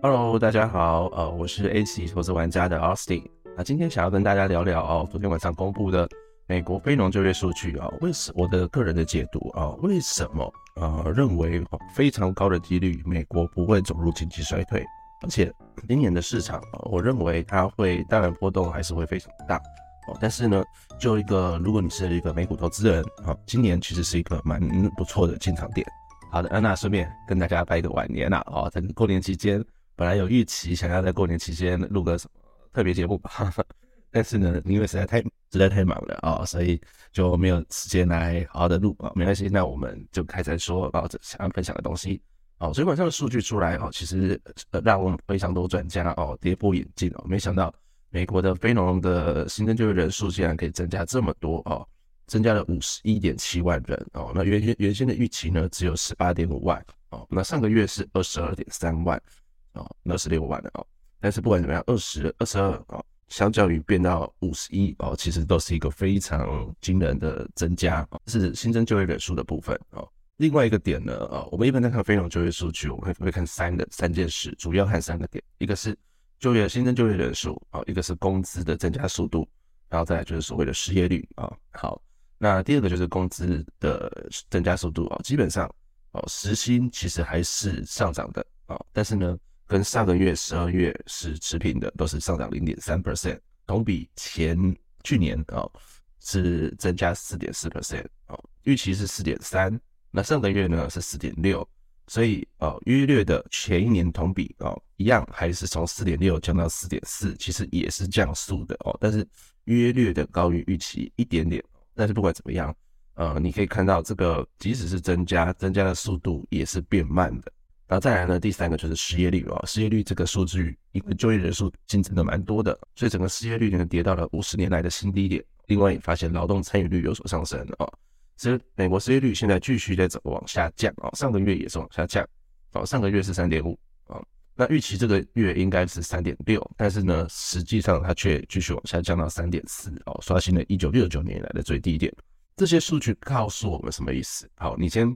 Hello，大家好，呃，我是 ACE 投資玩家的 Austin，那今天想要跟大家聊聊昨天晚上公布的美國非農就業數據啊，為什我的個人的解讀啊，為什麼呃認為非常高的幾率美國不會走入經濟衰退，而且今年的市場，我認為它會當然波動還是會非常大，哦，但是呢，就一個如果你是一個美股投資人啊，今年其實是一個蠻不錯的進場點。好的，那順便跟大家拜個晚年啦。啊，在過年期間。本來有預期想要在過年期間錄個什麼特別節目吧， 但是呢，因為實在太實在太忙了啊、哦，所以就沒有時間來好好的錄啊、哦。沒關係，那我們就開始說啊、哦，想要分享的東西。哦、所以晚上的數據出來哦，其實呃讓我們非常多專家哦跌破眼鏡哦，沒想到美國的非農的新增就業人數竟然可以增加這麼多哦，增加了五十一點七萬人哦。那原先原先的預期呢，只有十八點五萬哦。那上個月是二十二點三萬。哦，二十六萬了哦，但是不管怎麼樣，二十二十二哦，相較於變到五十一哦，其實都是一個非常驚人的增加啊、哦，是新增就業人數的部分啊、哦。另外一個點呢，呃、哦，我們一般在看非農就業數據，我們會會看三個三件事，主要看三個點，一個是就業新增就業人數啊、哦，一個是工資的增加速度，然後再來就是所謂的失業率啊、哦。好，那第二個就是工資的增加速度啊、哦，基本上哦，時薪其實還是上漲的啊、哦，但是呢。跟上個月十二月是持平的，都是上漲零點三 percent，同比前去年啊、哦、是增加四點四 percent，哦，預期是四點三，那上個月呢是四點六，所以啊哦、約略的前一年同比啊、哦，一樣還是從四點六降到四點四，其實也是降速的哦，但是約略的高於預期一點點哦，但是不管怎麼樣，呃，你可以看到這個即使是增加，增加的速度也是變慢的。然後再來呢，第三個就是失業率、哦、失業率這個數據，因為就業人數新增的蠻多的，所以整個失業率呢跌到了五十年來的新低點。另外也發現勞動參與率有所上升啊、哦。所以美國失業率現在繼續在走往下降啊、哦，上個月也是往下降啊、哦，上個月是三點五啊，那預期這個月應該是三點六，但是呢，實際上它卻繼續往下降到三點四啊，刷新了一九六九年以來的最低點。這些數據告訴我們什麼意思？好，你先，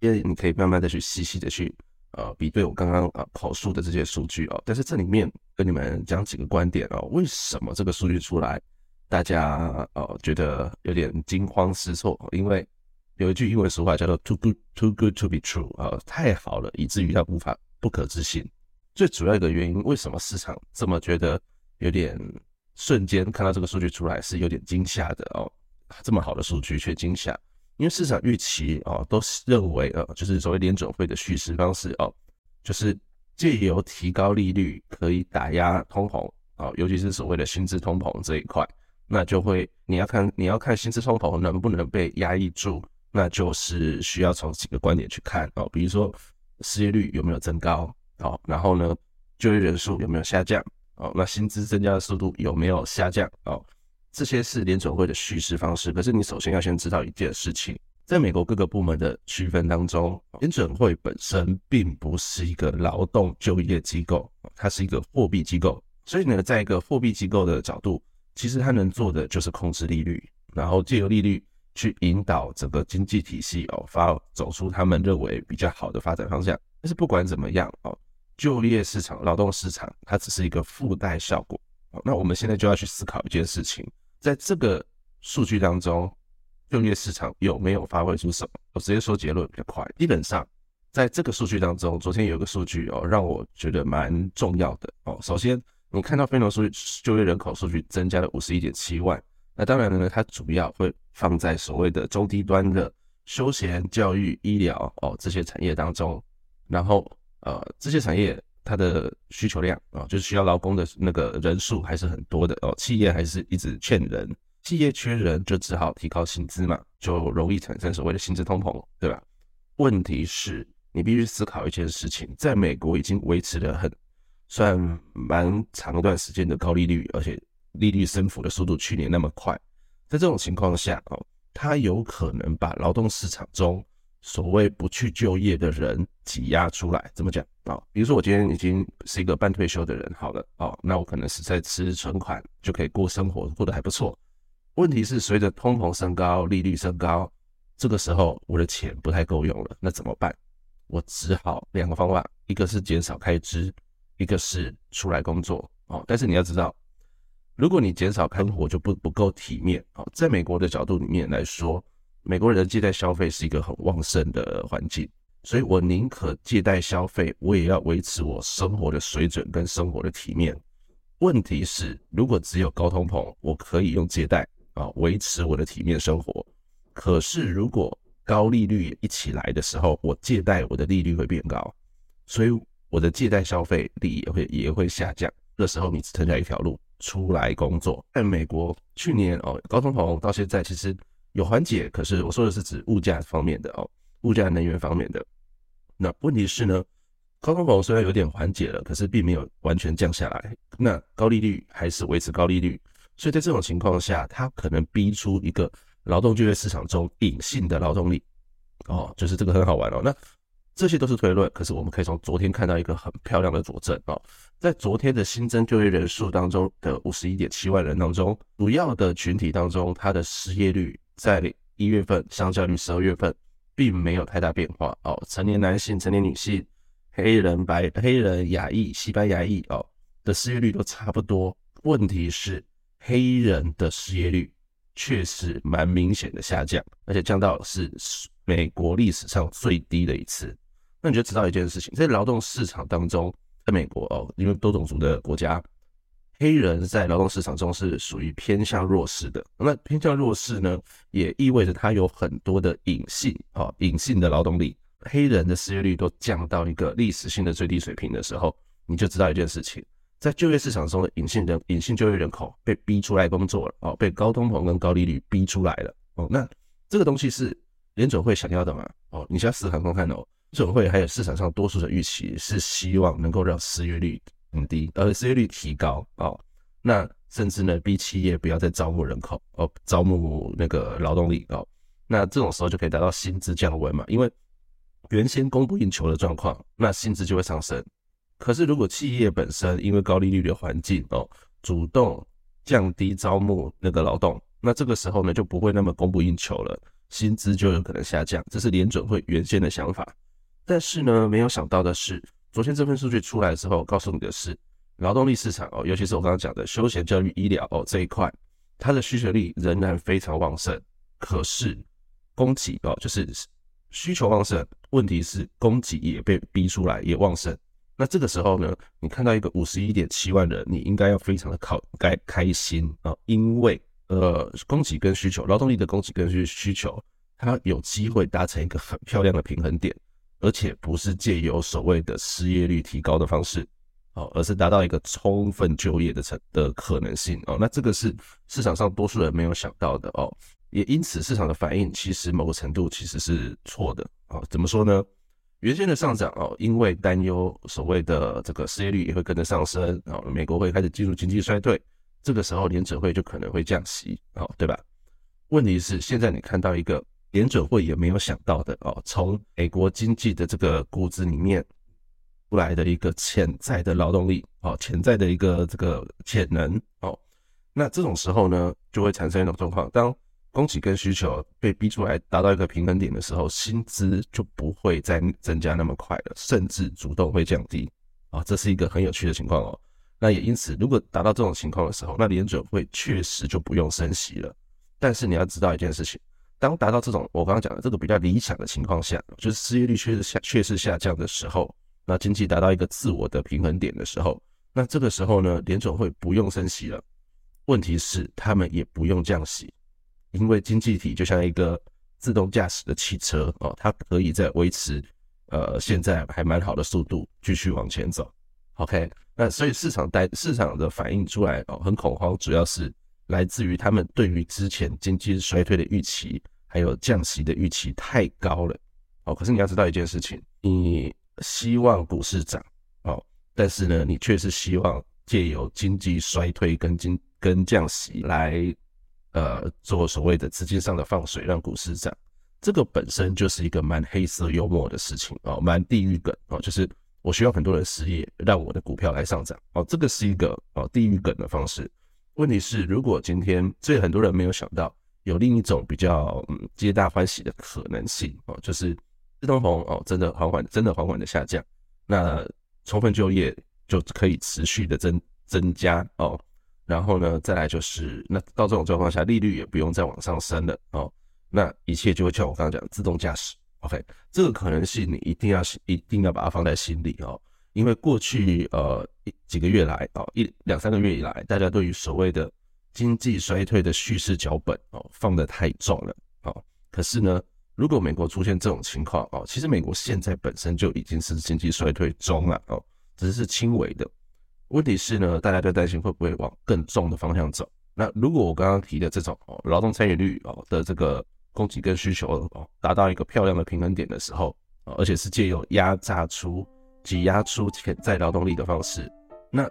因為你可以慢慢的去細細的去。呃，比對我剛剛啊口述的這些數據哦，但是這裡面跟你們講幾個觀點哦，為什麼這個數據出來，大家呃覺得有點驚慌失措？因為有一句英文俗話叫做 too good too good to be true 啊，太好了以至於他無法不可置信。最主要一個原因，為什麼市場這麼覺得有點瞬間看到這個數據出來是有點驚嚇的哦？這麼好的數據卻驚嚇。因為市場預期哦，都是認為呃，就是所謂聯準會的敘事方式哦，就是借由提高利率可以打壓通膨啊，哦，尤其是所謂的薪資通膨這一塊，那就會你要看，你要看薪資通膨能不能被壓抑住，那就是需要從幾個觀點去看哦，比如說失業率有沒有增高哦，然後呢，就業人數有沒有下降哦，那薪資增加的速度有沒有下降哦。這些是聯準會的敘事方式，可是你首先要先知道一件事情，在美國各個部門的區分當中，聯準會本身並不是一個勞動就業機構，它是一個貨幣機構。所以呢，在一個貨幣機構的角度，其實它能做的就是控制利率，然後借由利率去引導整個經濟體系哦發走出他們認為比較好的發展方向。但是不管怎麼樣哦，就業市場、勞動市場它只是一個附帶效果。那我們現在就要去思考一件事情。在這個數據當中，就業市場有沒有發揮出什麼？我直接說結論比較快。基本上，在這個數據當中，昨天有一個數據哦，讓我覺得蠻重要的哦。首先，你看到非農數據就業人口數據增加了五十一點七萬，那當然了呢，它主要會放在所謂的中低端的休閒、教育、醫療哦這些產業當中。然後，呃，這些產業。它的需求量啊，就是需要勞工的那個人數還是很多的哦，企業還是一直缺人，企業缺人就只好提高薪資嘛，就容易產生所謂的薪資通膨，對吧？問題是，你必須思考一件事情，在美國已經維持了很算蠻長一段時間的高利率，而且利率升幅的速度去年那麼快，在這種情況下哦，它有可能把勞動市場中所謂不去就業的人擠壓出來，怎麼講啊、哦？比如說我今天已經是一個半退休的人好了哦，那我可能是在吃存款就可以過生活，過得還不錯。問題是隨着通膨升高，利率升高，這個時候我的錢不太夠用了，那怎麼辦？我只好兩個方法，一個是減少開支，一個是出來工作哦，但是你要知道，如果你減少開火就不不夠體面哦，在美國的角度裡面來說。美國人的借貸消費是一個很旺盛的環境，所以我寧可借貸消費，我也要維持我生活的水準跟生活的體面。問題是，如果只有高通膨，我可以用借貸啊維持我的體面生活。可是如果高利率一起來的時候，我借貸我的利率會變高，所以我的借貸消費力也會也會下降。這時候，你只剩下一條路，出來工作。在美國，去年哦，高通膨到現在其實。有緩解，可是我說的是指物價方面的哦，物價、能源方面的。那問題是呢，高通膨雖然有點緩解了，可是並沒有完全降下來。那高利率還是維持高利率，所以在這種情況下，它可能逼出一個勞動就業市場中隱性的勞動力哦，就是這個很好玩哦。那這些都是推論，可是我們可以從昨天看到一個很漂亮的佐證哦，在昨天的新增就業人數當中的五十一點七萬人當中，主要的群體當中，它的失業率，在一月份，相較於十二月份，並沒有太大變化哦。成年男性、成年女性、黑人、白、黑人、亞裔、西班牙裔哦的失業率都差不多。問題是，黑人的失業率確實蠻明顯的下降，而且降到是美國歷史上最低的一次。那你就知道一件事情，在勞動市場當中，在美國哦，因為多種族的國家。黑人在勞動市場中是屬於偏向弱勢的，那偏向弱勢呢，也意味着它有很多的隱性啊隱性的勞動力。黑人的失業率都降到一個歷史性的最低水平的時候，你就知道一件事情，在就業市場中的隱性人隱性就業人口被逼出來工作了哦，被高通膨跟高利率逼出來了哦。那這個東西是聯準會想要的嗎？哦，你先市場看看哦，聯準會還有市場上多數的預期是希望能夠讓失業率。很低，而失業率提高哦，那甚至呢，逼企業不要再招募人口哦，招募那個勞動力哦，那這種時候就可以達到薪資降溫嘛，因為原先供不應求的狀況，那薪資就會上升。可是如果企業本身因為高利率的環境哦，主動降低招募那個勞動，那這個時候呢，就不會那麼供不應求了，薪資就有可能下降。這是聯準會原先的想法，但是呢，沒有想到的是。昨天這份數據出來之後，告訴你的是勞動力市場哦，尤其是我剛剛講的休閒、教育、哦、醫療哦這一塊，它的需求力仍然非常旺盛。可是供給哦，就是需求旺盛，問題是供給也被逼出來也旺盛。那這個時候呢，你看到一個五十一點七萬人，你應該要非常的開開心啊，哦，因為呃，供給跟需求，勞動力的供給跟需需求，它有機會達成一個很漂亮的平衡點。而且不是借由所謂的失業率提高的方式，哦，而是達到一個充分就業的成的可能性哦，那這個是市場上多數人沒有想到的哦，也因此市場的反應其實某個程度其實是錯的哦，怎麼說呢？原先的上漲哦，因為擔憂所謂的這個失業率也會跟着上升哦，美國會開始進入經濟衰退，這個時候聯準會就可能會降息哦，對吧？問題是現在你看到一個，聯準會也沒有想到的哦，從美國經濟的這個估值裡面出來的一個潛在的勞動力哦，潛在的一個這個潛能哦，那這種時候呢，就會產生一種狀況：當供給跟需求被逼出來達到一個平衡點的時候，薪資就不會再增加那麼快了，甚至主動會降低哦，這是一個很有趣的情況哦。那也因此，如果達到這種情況的時候，那聯準會確實就不用升息了。但是你要知道一件事情。當達到這種我剛剛講的這個比較理想的情況下，就是失業率確實下確實下降的時候，那經濟達到一個自我的平衡點的時候，那這個時候呢，聯準會不用升息了。問題是他們也不用降息，因為經濟體就像一個自動駕駛的汽車哦，它可以在維持呃現在還蠻好的速度繼續往前走。OK，那所以市場帶市場的反應出來哦，很恐慌，主要是，來自於他們對於之前經濟衰退的預期，還有降息的預期太高了。哦，可是你要知道一件事情，你希望股市漲，哦，但是呢，你卻是希望借由經濟衰退跟經跟降息來，呃，做所謂的資金上的放水，讓股市漲。這個本身就是一個蠻黑色幽默的事情哦，蠻地獄梗哦，就是我需要很多人失業，讓我的股票來上漲。哦，這個是一個哦地獄梗的方式。問題是，如果今天所以很多人沒有想到有另一種比較嗯皆大歡喜的可能性哦，就是自動紅哦真的緩緩真的緩緩的下降，那充分就業就可以持續的增增加哦，然後呢再來就是那到這種狀況下利率也不用再往上升了哦，那一切就會像我剛剛講的自動駕駛，OK 這個可能性你一定要一定要把它放在心裡哦。因為過去呃一幾個月來啊一兩三個月以來，大家對於所謂的經濟衰退的敘事腳本哦放得太重了哦。可是呢，如果美國出現這種情況哦，其實美國現在本身就已經是經濟衰退中了哦，只是,是輕微的。問題是呢，大家都擔心會不會往更重的方向走。那如果我剛剛提的這種哦，勞動參與率哦的這個供給跟需求哦達到一個漂亮的平衡點的時候，哦，而且是借由壓榨出。擠壓出潛在勞動力的方式，那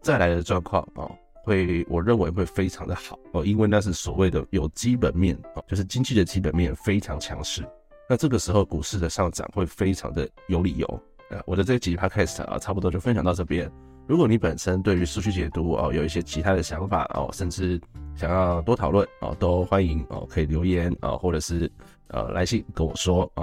再來的狀況啊，會我認為會非常的好哦，因為那是所謂的有基本面啊，就是經濟的基本面非常強勢，那這個時候股市的上漲會非常的有理由。呃，我的這集 podcast 啊，差不多就分享到這邊。如果你本身對於數據解讀哦，有一些其他的想法哦，甚至想要多討論哦，都歡迎哦，可以留言啊，或者是呃來信跟我說啊。